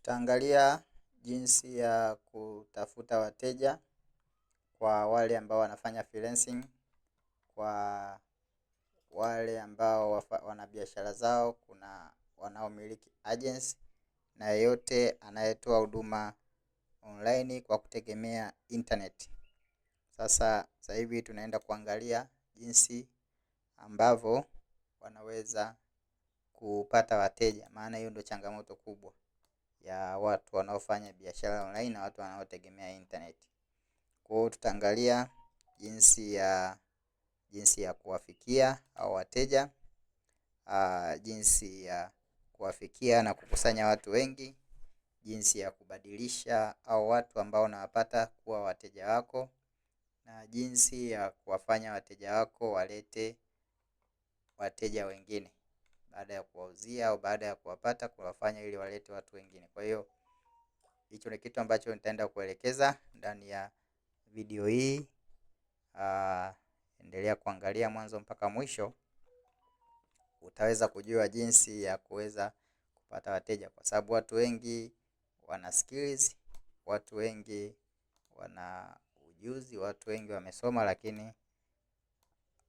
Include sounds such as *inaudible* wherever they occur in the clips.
Tutaangalia jinsi ya kutafuta wateja kwa wale ambao wanafanya freelancing, kwa wale ambao wana biashara zao, kuna wanaomiliki agency na yeyote anayetoa huduma online kwa kutegemea internet. Sasa sasa hivi tunaenda kuangalia jinsi ambavyo wanaweza kupata wateja, maana hiyo ndio changamoto kubwa ya watu wanaofanya biashara online na watu wanaotegemea internet. Kwa hiyo tutaangalia jinsi ya jinsi ya kuwafikia au wateja uh, jinsi ya kuwafikia na kukusanya watu wengi, jinsi ya kubadilisha au watu ambao unawapata kuwa wateja wako, na jinsi ya kuwafanya wateja wako walete wateja wengine baada ya kuwauzia au baada ya kuwapata kuwafanya ili walete watu wengine. Kwa hiyo hicho ni kitu ambacho nitaenda kuelekeza ndani ya video hii. Ah, endelea kuangalia mwanzo mpaka mwisho, utaweza kujua jinsi ya kuweza kupata wateja, kwa sababu watu wengi wana skills, watu wengi wana ujuzi, watu wengi wamesoma, lakini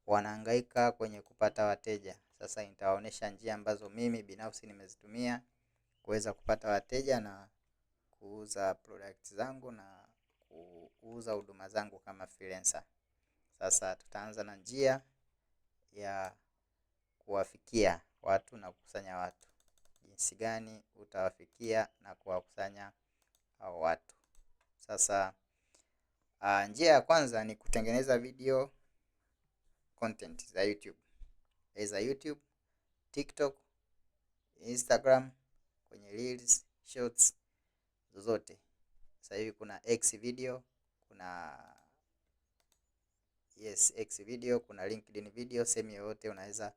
wanahangaika kwenye kupata wateja. Sasa nitawaonyesha njia ambazo mimi binafsi nimezitumia kuweza kupata wateja na kuuza product zangu na kuuza huduma zangu kama freelancer. Sasa tutaanza na njia ya kuwafikia watu na kukusanya watu. Jinsi gani utawafikia na kuwakusanya hao watu? Sasa a, ah, njia ya kwanza ni kutengeneza video content za YouTube. Eh, za YouTube, TikTok, Instagram, kwenye reels, shorts zozote. Sasa hivi kuna X video, kuna yes X video, kuna LinkedIn video. Sehemu yoyote unaweza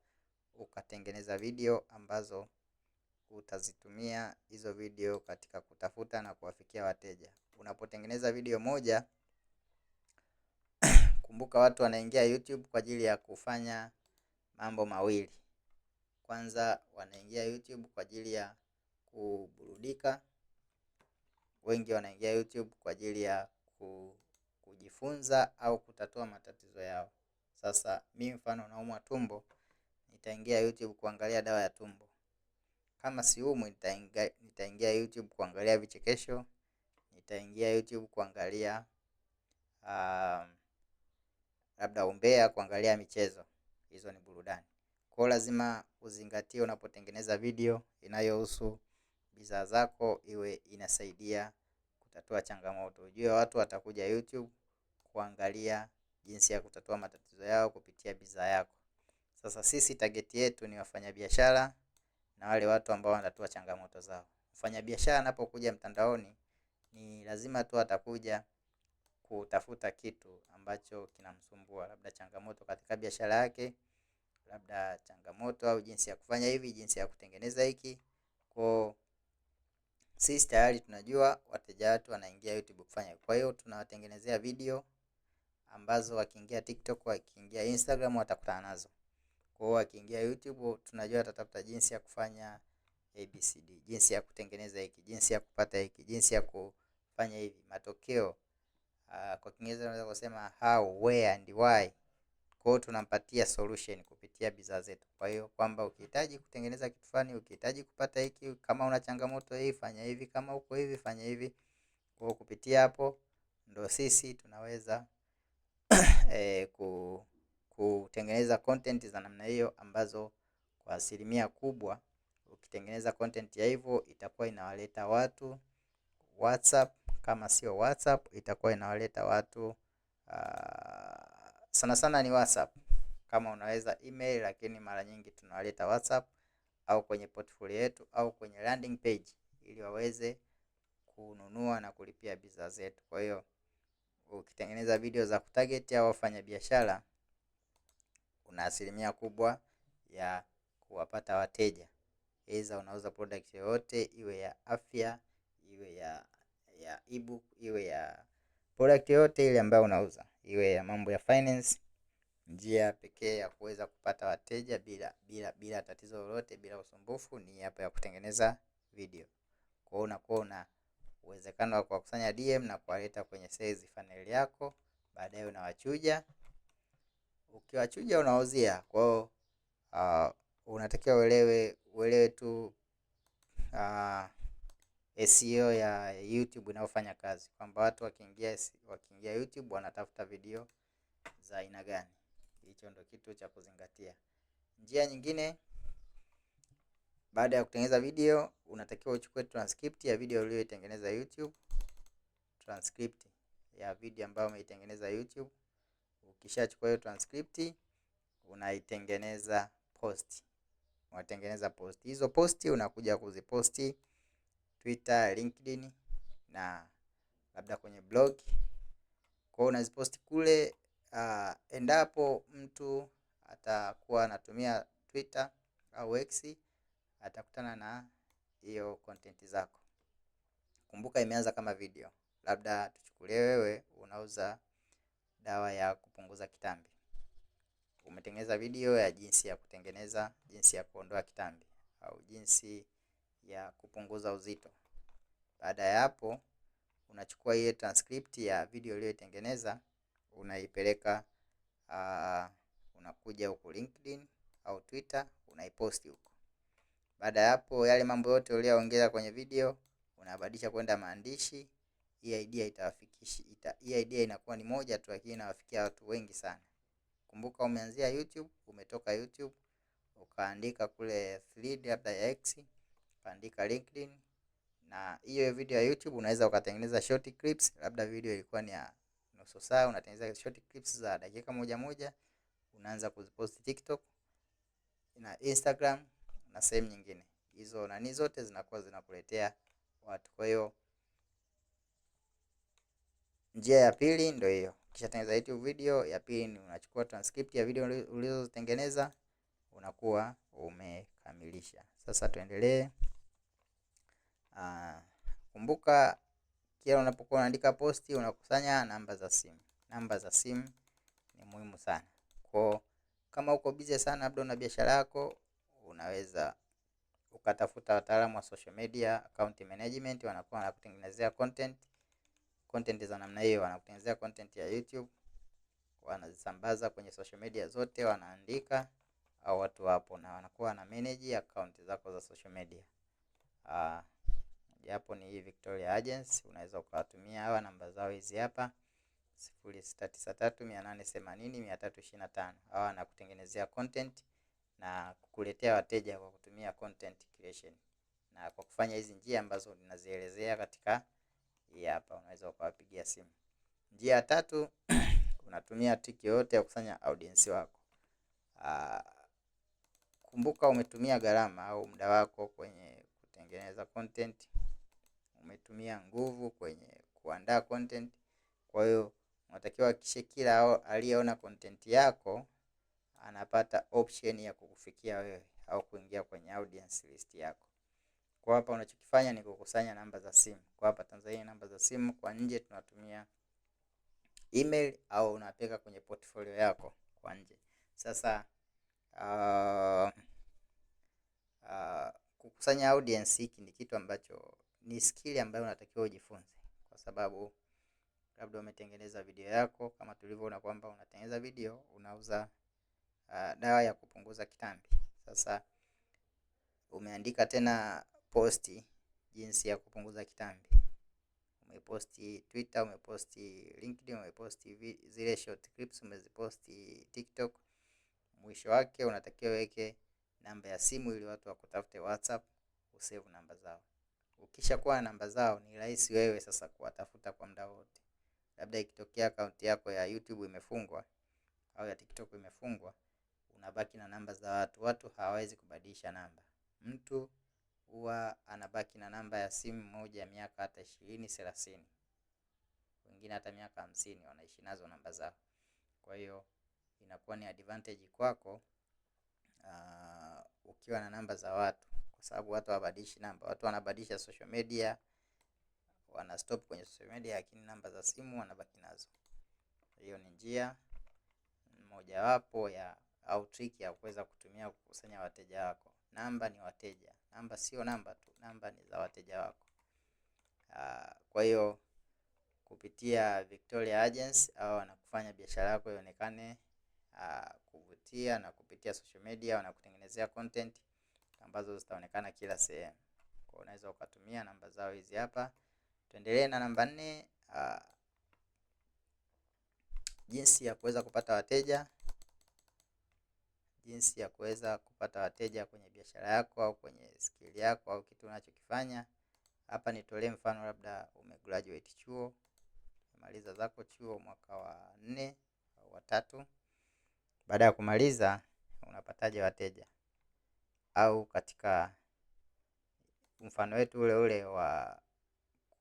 ukatengeneza video ambazo utazitumia hizo video katika kutafuta na kuwafikia wateja. Unapotengeneza video moja, *clears throat* kumbuka watu wanaingia YouTube kwa ajili ya kufanya mambo mawili. Kwanza wanaingia YouTube kwa ajili ya kuburudika, wengi wanaingia YouTube kwa ajili ya kujifunza au kutatua matatizo yao. Sasa mi mfano naumwa tumbo, nitaingia YouTube kuangalia dawa ya tumbo. Kama siumwi, nitaingia nitaingia YouTube kuangalia vichekesho, nitaingia YouTube kuangalia uh, labda umbea, kuangalia michezo hizo ni burudani. Kwa hiyo lazima uzingatie unapotengeneza video inayohusu bidhaa zako, iwe inasaidia kutatua changamoto. Ujue watu watakuja YouTube kuangalia jinsi ya kutatua matatizo yao kupitia bidhaa yako. Sasa sisi target yetu ni wafanyabiashara na wale watu ambao wanatatua changamoto zao. Mfanyabiashara anapokuja mtandaoni ni lazima tu atakuja kutafuta kitu ambacho kinamsumbua, labda changamoto katika biashara yake, labda changamoto au jinsi ya kufanya hivi, jinsi ya kutengeneza hiki. Kwa sisi tayari tunajua wateja wetu wanaingia YouTube kufanya, kwa hiyo tunawatengenezea video ambazo wakiingia TikTok, wakiingia Instagram watakutana nazo. Kwa hiyo wakiingia YouTube tunajua watatafuta jinsi ya kufanya ABCD, jinsi ya kutengeneza hiki, jinsi ya kupata hiki, jinsi ya kufanya hivi. Matokeo uh, kwa Kiingereza unaweza kusema how, where and why. Kwa hiyo tunampatia solution kupitia bidhaa zetu. Kwa hiyo kwamba ukihitaji kutengeneza kitu fulani, ukihitaji kupata hiki, kama una changamoto hii fanya hivi, kama uko hivi fanya hivi. Kwa kupitia hapo ndo sisi tunaweza *clears throat* eh, ku kutengeneza content za namna hiyo ambazo kwa asilimia kubwa ukitengeneza content ya hivyo itakuwa inawaleta watu WhatsApp kama sio WhatsApp itakuwa inawaleta watu uh, sana sana ni WhatsApp. Kama unaweza email, lakini mara nyingi tunawaleta WhatsApp au kwenye portfolio yetu au kwenye landing page ili waweze kununua na kulipia bidhaa zetu. Kwa hiyo ukitengeneza video za kutarget au wafanya biashara, una asilimia kubwa ya kuwapata wateja. Aidha unauza product yoyote, iwe ya afya, iwe ya ya ebook, iwe ya product yoyote ile ambayo unauza, iwe ya mambo ya finance. Njia pekee ya kuweza kupata wateja bila bila bila tatizo lolote, bila usumbufu ni hapa ya kutengeneza video. Kwa hiyo unakuwa una uwezekano wa kuwakusanya DM na kuwaleta kwenye sales funnel yako, baadaye unawachuja. Ukiwachuja unawauzia. Kwa hiyo uh, unatakiwa uelewe uelewe tu uh, SEO ya YouTube inayofanya kazi, kwamba watu wakiingia wakiingia YouTube wanatafuta video za aina gani. Hicho ndio kitu cha kuzingatia. Njia nyingine, baada ya kutengeneza video, unatakiwa uchukue transcript ya video uliyoitengeneza YouTube, transcript ya video ambayo umeitengeneza YouTube. Ukishachukua hiyo transcript, unaitengeneza post, unatengeneza post. Hizo post unakuja kuziposti Twitter, LinkedIn na labda kwenye blog. Kwa hiyo unaziposti kule. Uh, endapo mtu atakuwa anatumia Twitter au X atakutana na hiyo content zako. Kumbuka imeanza kama video, labda tuchukulie wewe unauza dawa ya kupunguza kitambi, umetengeneza video ya jinsi ya kutengeneza, jinsi ya kuondoa kitambi au jinsi ya kupunguza uzito. Baada ya hapo, unachukua ile transcript ya video uliyotengeneza unaipeleka uh, unakuja huku LinkedIn au Twitter unaiposti huko. Baada ya hapo, yale mambo yote uliyoongeza kwenye video unabadilisha kwenda maandishi. Hii idea itawafikishi ita, hii idea inakuwa ni moja tu, lakini inawafikia watu wengi sana. Kumbuka umeanzia YouTube, umetoka YouTube ukaandika kule thread labda ya X utaandika LinkedIn na hiyo video ya YouTube unaweza ukatengeneza short clips, labda video ilikuwa ni ya nusu saa, unatengeneza short clips za dakika moja moja, unaanza kuzipost TikTok na Instagram na sehemu nyingine. Hizo nani zote zinakuwa zinakuletea watu. Kwa hiyo njia ya pili ndio hiyo. Kisha tengeneza YouTube video ya pili, ni unachukua transcript ya video ulizotengeneza, unakuwa umekamilisha. Sasa tuendelee. Uh, kumbuka kila unapokuwa unaandika posti unakusanya namba za simu. Namba za simu ni muhimu sana. Kwa kama uko busy sana, labda una biashara yako, unaweza ukatafuta wataalamu wa social media, account management, wanakuwa wanakutengenezea content content za namna hiyo, wanakutengenezea content ya YouTube, wanazisambaza kwenye social media zote, wanaandika au watu wapo na wanakuwa na manage account zako za social media. Uh, hapo ni hii Victoria Agency. Unaweza ukawatumia hawa namba zao hizi hapa 0693880325 Hawa wanakutengenezea content na kukuletea wateja kwa kutumia content creation, na kwa kufanya hizi njia ambazo ninazielezea katika hii hapa, unaweza ukawapigia simu. Njia ya tatu *clears throat* unatumia tiki yoyote ya kukusanya audience wako. Aa, ah, kumbuka umetumia gharama au muda wako kwenye kutengeneza content umetumia nguvu kwenye kuandaa content. Kwa hiyo unatakiwa hakikishe kila aliyeona content yako anapata option ya kukufikia wewe au kuingia kwenye audience list yako. Kwa hapa unachokifanya ni kukusanya namba za simu. Kwa hapa Tanzania namba za simu, kwa nje tunatumia email au unapeka kwenye portfolio yako kwa nje. Sasa uh, uh, kukusanya audience hiki ni kitu ambacho ni skill ambayo unatakiwa ujifunze, kwa sababu labda umetengeneza video yako kama tulivyoona kwamba unatengeneza video unauza uh, dawa ya kupunguza kitambi. Sasa umeandika tena posti jinsi ya kupunguza kitambi, umeposti Twitter, umeposti LinkedIn, umeposti zile short clips, umeziposti TikTok. Mwisho wake unatakiwa weke namba ya simu ili watu wakutafute WhatsApp, usave namba zao. Ukishakuwa na namba zao, ni rahisi wewe sasa kuwatafuta kwa muda wote. Labda ikitokea akaunti yako ya YouTube imefungwa au ya TikTok imefungwa, unabaki na namba za watu. Watu hawawezi kubadilisha namba. Mtu huwa anabaki na namba ya simu moja ya miaka hata ishirini, thelathini, wengine hata miaka hamsini wanaishi nazo namba zao. Kwa hiyo inakuwa ni advantage kwako, uh, ukiwa na namba za watu sababu watu hawabadilishi namba. Watu wanabadilisha social media, wana stop kwenye social media, lakini namba za simu wanabaki nazo. Hiyo ni njia mojawapo ya au trick ya kuweza kutumia kukusanya wateja wako. Namba ni wateja, namba sio namba tu, namba ni za wateja wako. Ah, kwa hiyo kupitia Victoria Agency au wanakufanya biashara yako ionekane ah, kuvutia, na kupitia social media wanakutengenezea content ambazo zitaonekana kila sehemu. Kwa unaweza ukatumia namba zao hizi hapa. Tuendelee na namba nne, ah, jinsi ya kuweza kupata wateja, jinsi ya kuweza kupata wateja kwenye biashara yako au kwenye skill yako au kitu unachokifanya. Hapa nitolee mfano, labda umegraduate chuo, umemaliza zako chuo mwaka wa nne au wa tatu. Baada ya kumaliza, unapataje wateja? au katika mfano wetu ule ule wa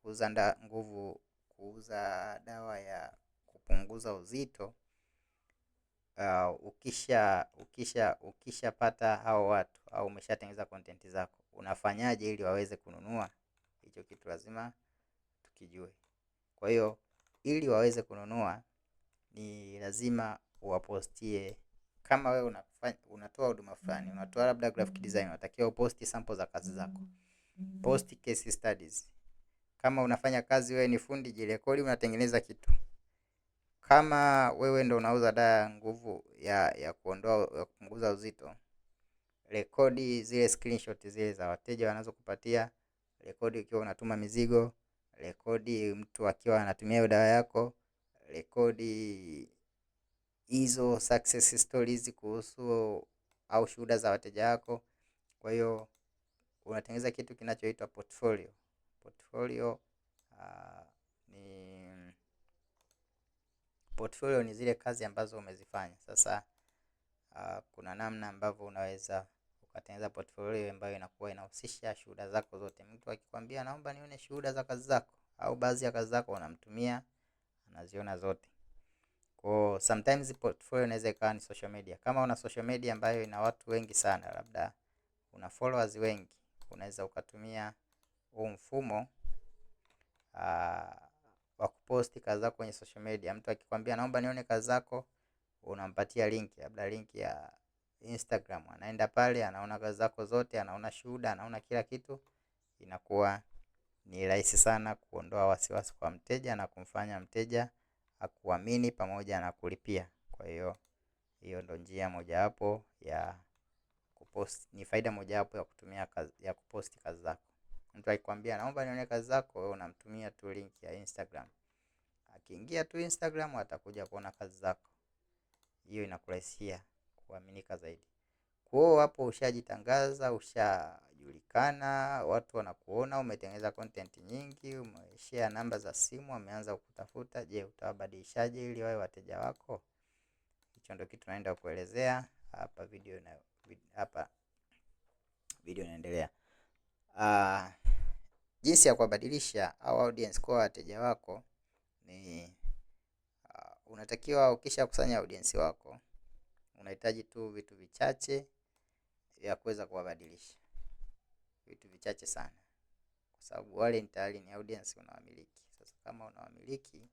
kuuza nguvu kuuza dawa ya kupunguza uzito uh, ukisha ukisha ukishapata hao watu au umeshatengeneza kontenti zako, unafanyaje ili waweze kununua? Hicho kitu lazima tukijue. Kwa hiyo ili waweze kununua ni lazima uwapostie kama wewe unatoa huduma fulani, unatoa labda graphic mm. design, unatakiwa uposti sample za kazi zako, post case studies. Kama unafanya kazi wewe ni fundi, jirekodi unatengeneza kitu. Kama wewe ndo unauza dawa ya nguvu ya ya kuondoa ya kupunguza uzito, rekodi zile screenshot zile za wateja wanazokupatia, rekodi ukiwa unatuma mizigo, rekodi mtu akiwa anatumia dawa yako, rekodi hizo success stories kuhusu au shuhuda za wateja wako. Kwa hiyo unatengeneza kitu kinachoitwa portfolio. Portfolio uh, ni portfolio ni zile kazi ambazo umezifanya. Sasa uh, kuna namna ambavyo unaweza ukatengeneza portfolio ambayo inakuwa inahusisha shuhuda zako zote. Mtu akikwambia naomba nione shuhuda za kazi zako, au baadhi ya kazi zako, unamtumia anaziona zote. Kwa sometimes portfolio inaweza ikawa ni social media. Kama una social media ambayo ina watu wengi sana, labda una followers wengi, unaweza ukatumia huu mfumo ah, wa kuposti kazi zako kwenye social media. Mtu akikwambia naomba nione kazi zako, unampatia link, labda link ya Instagram, anaenda pale anaona kazi zako zote, anaona shuhuda, anaona kila kitu. Inakuwa ni rahisi sana kuondoa wasiwasi kwa mteja na kumfanya mteja kuamini pamoja na kulipia. Kwa hiyo hiyo ndo njia mojawapo ya kupost, ni faida mojawapo ya kutumia kazi, ya kuposti kazi zako. Mtu akikwambia naomba nione kazi zako, wewe unamtumia tu link ya Instagram, akiingia tu Instagram atakuja kuona kazi zako. Hiyo inakurahisia kuaminika zaidi. Kwa hapo ushajitangaza, ushajulikana, watu wanakuona, umetengeneza content nyingi, umeshare namba za simu, wameanza kukutafuta. Je, utawabadilishaje ili wawe wateja wako? Hicho ndio kitu naenda kuelezea hapa video na hapa video inaendelea. Uh, jinsi ya kubadilisha au audience kwa wateja wako ni uh, unatakiwa ukisha kusanya audience wako unahitaji tu vitu vichache ya kuweza kuwabadilisha vitu vichache sana, kwa sababu wale ni tayari ni audience unawamiliki. Sasa kama unawamiliki,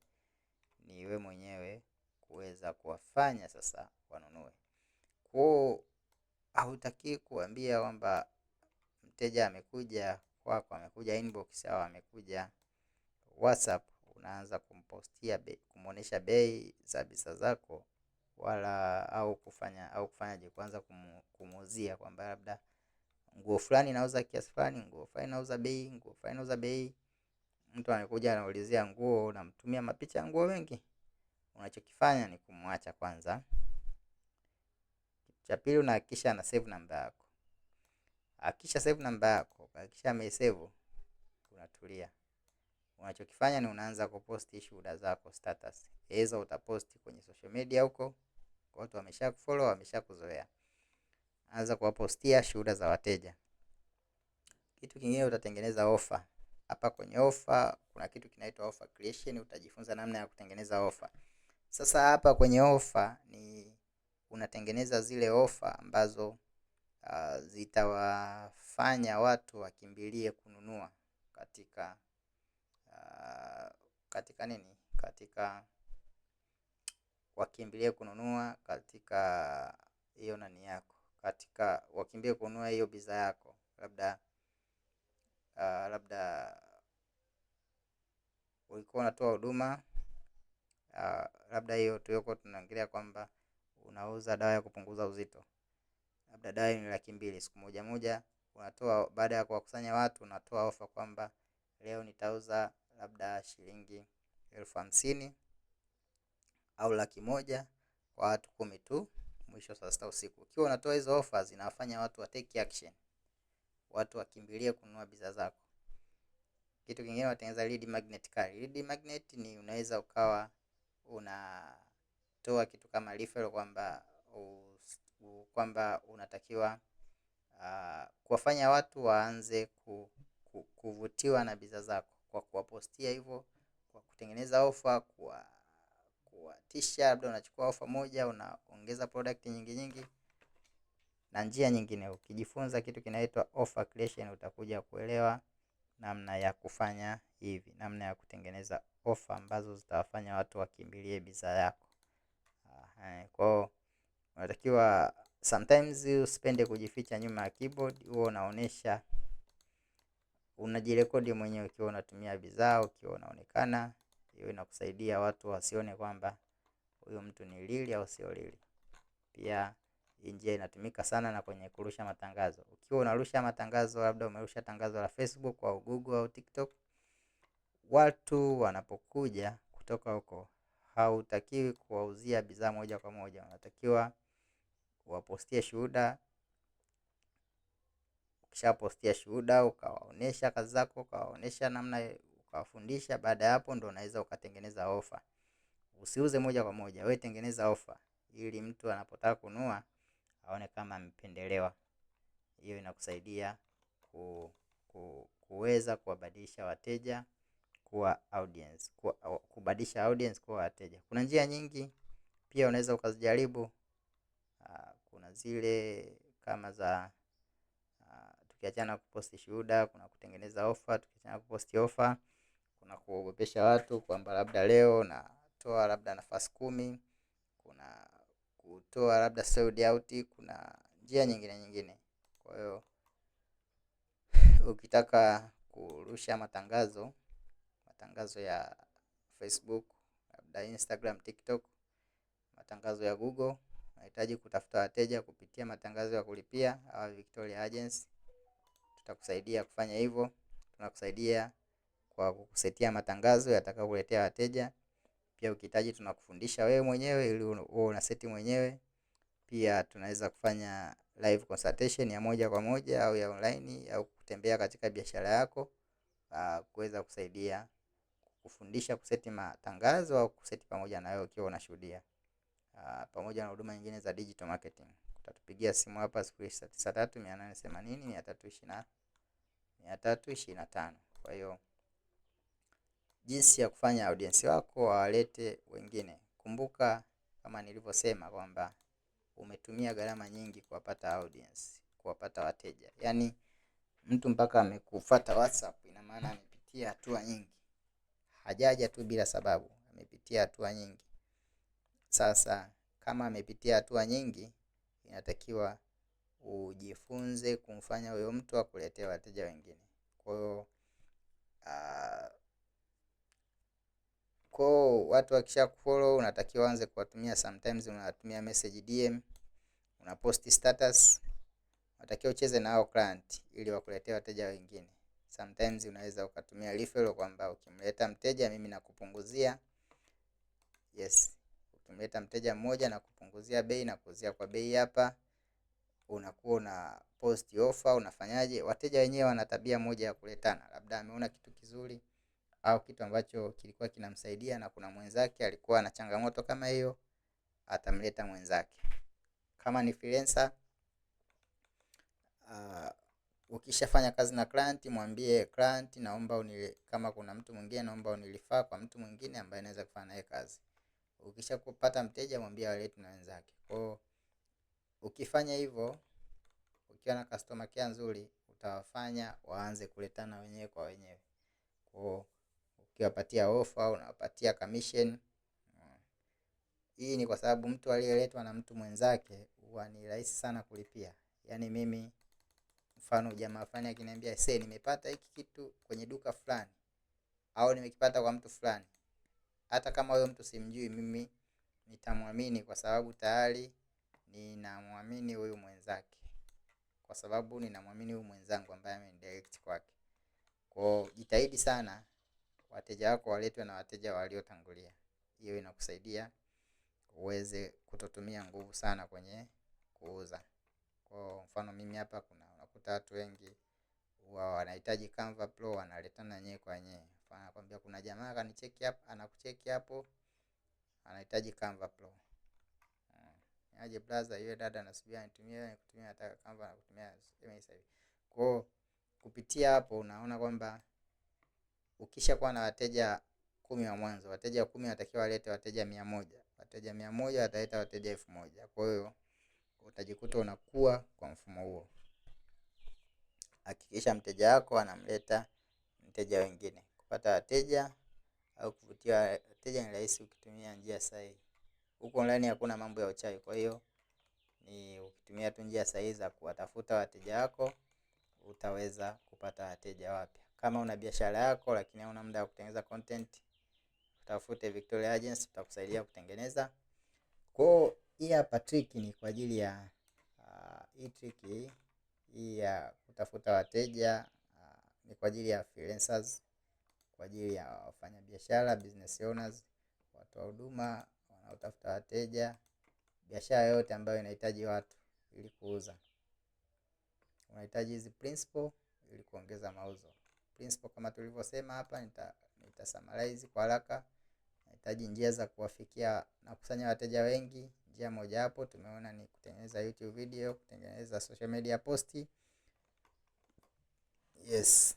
ni we mwenyewe kuweza kuwafanya sasa wanunue. Kwa hautaki kuambia kwamba mteja amekuja kwako, amekuja inbox au amekuja WhatsApp, unaanza kumpostia, kumuonesha bei za bidhaa zako wala au kufanya au kufanyaje, kuanza kumuuzia kwamba labda nguo fulani inauza kiasi fulani, nguo fulani inauza bei, nguo fulani inauza bei. Mtu anakuja anaulizia nguo, unamtumia mapicha ya nguo mengi. Unachokifanya ni kumwacha kwanza. cha pili, unahakikisha ana save namba yako. Hakikisha save namba yako, hakikisha ameisave, unatulia. Unachokifanya ni unaanza kuposti shuhuda zako status, hizo utaposti kwenye social media huko watu wamesha kufollow, wamesha kuzoea. Anza kuwapostia shuhuda za wateja. Kitu kingine utatengeneza ofa. Hapa kwenye ofa kuna kitu kinaitwa offer creation, utajifunza namna ya kutengeneza ofa. Sasa hapa kwenye ofa ni unatengeneza zile ofa ambazo uh, zitawafanya watu wakimbilie kununua katika uh, katika nini katika wakimbilie kununua katika hiyo nani yako, katika wakimbie kununua hiyo bidhaa yako, labda uh, labda ulikuwa unatoa huduma uh, labda hiyo tuko tunaangalia kwamba unauza dawa ya kupunguza uzito, labda dawa ni laki mbili. Siku moja moja unatoa, baada ya kuwakusanya watu, unatoa ofa kwamba leo nitauza labda shilingi elfu hamsini au laki moja kwa watu kumi tu mwisho saa sita usiku. Ukiwa unatoa hizo ofa zinawafanya watu wa take action, watu wakimbilie kununua bidhaa zako. Kitu kingine watengeneza lead magnet card. Lead magnet ni unaweza ukawa unatoa kitu kama referral kwamba kwamba unatakiwa uh, kuwafanya watu waanze ku, ku, kuvutiwa na bidhaa zako kwa kuwapostia hivyo, kwa kutengeneza ofa kwa kuwatisha, labda unachukua ofa moja unaongeza product nyingi nyingi na njia nyingine. Ukijifunza kitu kinaitwa offer creation, utakuja kuelewa namna ya kufanya hivi, namna ya kutengeneza ofa ambazo zitawafanya watu wakimbilie bidhaa yako. Kwao unatakiwa sometimes usipende kujificha nyuma ya keyboard, huwa unaonesha unajirekodi mwenyewe ukiwa unatumia bidhaa, ukiwa unaonekana hiyo inakusaidia watu wasione kwamba huyu mtu ni lili au sio lili. Pia hii njia inatumika sana na kwenye kurusha matangazo. Ukiwa unarusha matangazo, labda umerusha tangazo la Facebook au Google au TikTok, watu wanapokuja kutoka huko, hautakiwi kuwauzia bidhaa moja kwa moja, unatakiwa wapostie shuhuda. Ukishapostia shuhuda, ukawaonesha kazi zako, ukawaonesha namna ukawafundisha. Baada ya hapo, ndo unaweza ukatengeneza ofa. Usiuze moja kwa moja, wewe tengeneza ofa ili mtu anapotaka kununua aone kama amependelewa. Hiyo inakusaidia ku, ku, kuweza kuwabadilisha wateja kuwa audience, kubadilisha audience kuwa wateja. Kuna njia nyingi pia unaweza ukazijaribu. Ah, kuna zile kama za ah, tukiachana kuposti shuhuda, kuna kutengeneza ofa, tukiachana kuposti ofa kuna kuogopesha watu kwamba labda leo natoa labda nafasi kumi, kuna kutoa labda sold out, kuna njia nyingine nyingine. Kwa hiyo ukitaka kurusha matangazo matangazo ya Facebook, labda Instagram, TikTok, matangazo ya Google, unahitaji kutafuta wateja kupitia matangazo ya kulipia au Victoria Agency, tutakusaidia kufanya hivyo, tunakusaidia kwa kukusetia matangazo yatakayokuletea wateja. Pia ukihitaji tunakufundisha wewe mwenyewe ili wewe una seti mwenyewe. Pia tunaweza kufanya live consultation ya moja kwa moja au ya online au kutembea katika biashara yako ah, kuweza kusaidia kufundisha kuseti matangazo au kuseti pamoja na wewe ukiwa unashuhudia, ah, pamoja na huduma nyingine za digital marketing. Utatupigia simu hapa sifuri mia nane mia tatu Kwa hiyo jinsi ya kufanya audiensi wako wawalete wengine. Kumbuka kama nilivyosema kwamba umetumia gharama nyingi kuwapata audience, kuwapata wateja, yaani mtu mpaka amekufuata WhatsApp, ina maana amepitia hatua nyingi, hajaja tu bila sababu, amepitia hatua nyingi. Sasa kama amepitia hatua nyingi, inatakiwa ujifunze kumfanya huyo mtu akuletee wateja wengine. Kwa hiyo uh, Kwao watu wakisha kufollow, unatakiwa anze kuwatumia. Sometimes unatumia message DM, unapost status, unatakiwa ucheze na hao client ili wakuletee wateja wengine. Sometimes unaweza ukatumia referral kwamba ukimleta mteja mimi nakupunguzia. Yes, ukimleta mteja mmoja na kupunguzia bei na kuuzia kwa bei hapa, unakuwa una post offer, unafanyaje? Wateja wenyewe wana tabia moja ya kuletana, labda ameona kitu kizuri au kitu ambacho kilikuwa kinamsaidia na kuna mwenzake alikuwa na changamoto kama hiyo, atamleta mwenzake. Kama ni freelancer, uh, ukishafanya kazi na client, mwambie client, naomba unile, kama kuna mtu mwingine naomba unilifaa kwa mtu mwingine ambaye anaweza kufanya naye kazi. Ukisha kupata mteja, mwambie walete na wenzake. Kwa ukifanya hivyo, ukiwa na customer care nzuri, utawafanya waanze kuletana wenyewe kwa wenyewe. Kwa ukiwapatia ofa unawapatia commission. Hii ni kwa sababu mtu aliyeletwa na mtu mwenzake huwa ni rahisi sana kulipia. Yaani mimi mfano jamaa fulani akiniambia sasa, nimepata hiki kitu kwenye duka fulani au nimekipata kwa mtu fulani, hata kama huyo mtu simjui, mimi nitamwamini kwa sababu tayari ninamwamini huyu mwenzake, kwa sababu ninamwamini huyu mwenzangu ambaye amenidirect kwake. Kwa jitahidi sana wateja wako waletwe na wateja waliotangulia. Hiyo inakusaidia uweze kutotumia nguvu sana kwenye kuuza. Kwa mfano mimi hapa, kuna unakuta watu wengi huwa wanahitaji Canva Pro wanaletana nyewe kwa nyewe. Mfano anakwambia kuna jamaa kanicheki hapa, anakucheki hapo anahitaji Canva Pro. Hmm. Aje brother, yule dada anasubia anitumie, nikutumia nataka Canva na kutumia sasa hivi. Kwa kupitia hapo unaona kwamba ukisha kuwa na wateja kumi wa mwanzo, wateja kumi watakiwa walete wateja mia moja, wateja mia moja wataleta wateja elfu moja. Kwa hiyo utajikuta unakuwa kwa mfumo huo. Hakikisha mteja wako anamleta mteja wengine. Kupata wateja au kuvutia wateja ni rahisi ukitumia njia sahihi. Huko online hakuna mambo ya uchawi, kwa hiyo ni ukitumia tu njia sahihi za kuwatafuta wateja wako, utaweza kupata wateja wapya. Kama una biashara yako lakini hauna muda wa kutengeneza content, utafute Victoria Agency tutakusaidia kutengeneza. Kwa hiyo hapa trick ni kwa ajili ya ah, hii uh, trick hii ya kutafuta wateja uh, ni kwa ajili ya freelancers, kwa ajili ya wafanyabiashara, business owners, watu wa huduma wanaotafuta wateja, biashara yote ambayo inahitaji watu ili kuuza. Unahitaji hizi principle ili kuongeza mauzo principle kama tulivyosema hapa. Nita, nita summarize kwa haraka. Nahitaji njia za kuwafikia na kusanya wateja wengi. Njia moja hapo tumeona ni kutengeneza YouTube video, kutengeneza social media posti. Yes,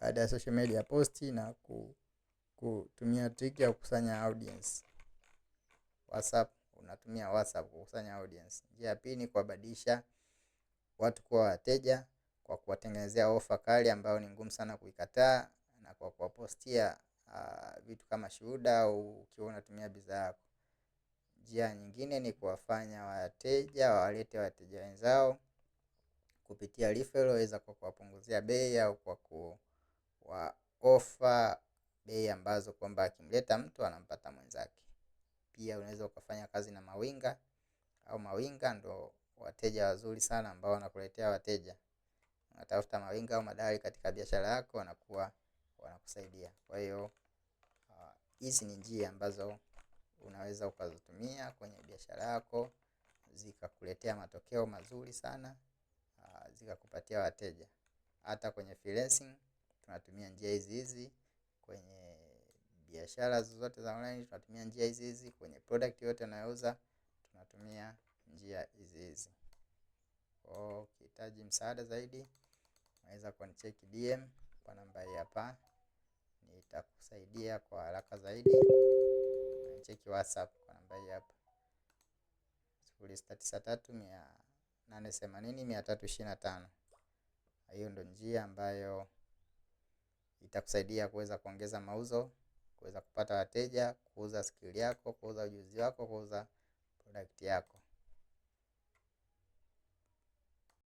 baada ya social media posti na ku, kutumia trick ya kukusanya audience WhatsApp, unatumia WhatsApp kukusanya audience. Njia ya pili ni kuwabadilisha watu kuwa wateja kwa kuwatengenezea ofa kali ambayo ni ngumu sana kuikataa na kwa kuwapostia uh, vitu kama shuhuda au ukiwa unatumia bidhaa yako. Njia nyingine ni kuwafanya wateja walete wateja wenzao kupitia referral, weza kwa kuwapunguzia bei au kwa kuwa ofa bei ambazo kwamba akimleta mtu anampata mwenzake. Pia unaweza ukafanya kazi na mawinga au mawinga ndo wateja wazuri sana ambao wanakuletea wateja unatafuta malenga au madali katika biashara yako, wanakuwa wanakusaidia. Kwa hiyo uh, hizi uh, ni njia ambazo unaweza ukazitumia kwenye biashara yako zikakuletea matokeo mazuri sana, uh, zikakupatia wateja. Hata kwenye freelancing tunatumia njia hizi hizi, kwenye biashara zozote za online tunatumia njia hizi hizi, kwenye product yote unayouza tunatumia njia hizi hizi. Kwa ukihitaji msaada zaidi unaweza kunicheki DM kwa namba hii hapa, nitakusaidia kwa haraka zaidi. Cheki WhatsApp kwa namba hii hapa 0693880325. Hiyo ndo njia ambayo itakusaidia kuweza kuongeza mauzo, kuweza kupata wateja, kuuza skill yako, kuuza ujuzi wako, kuuza product yako.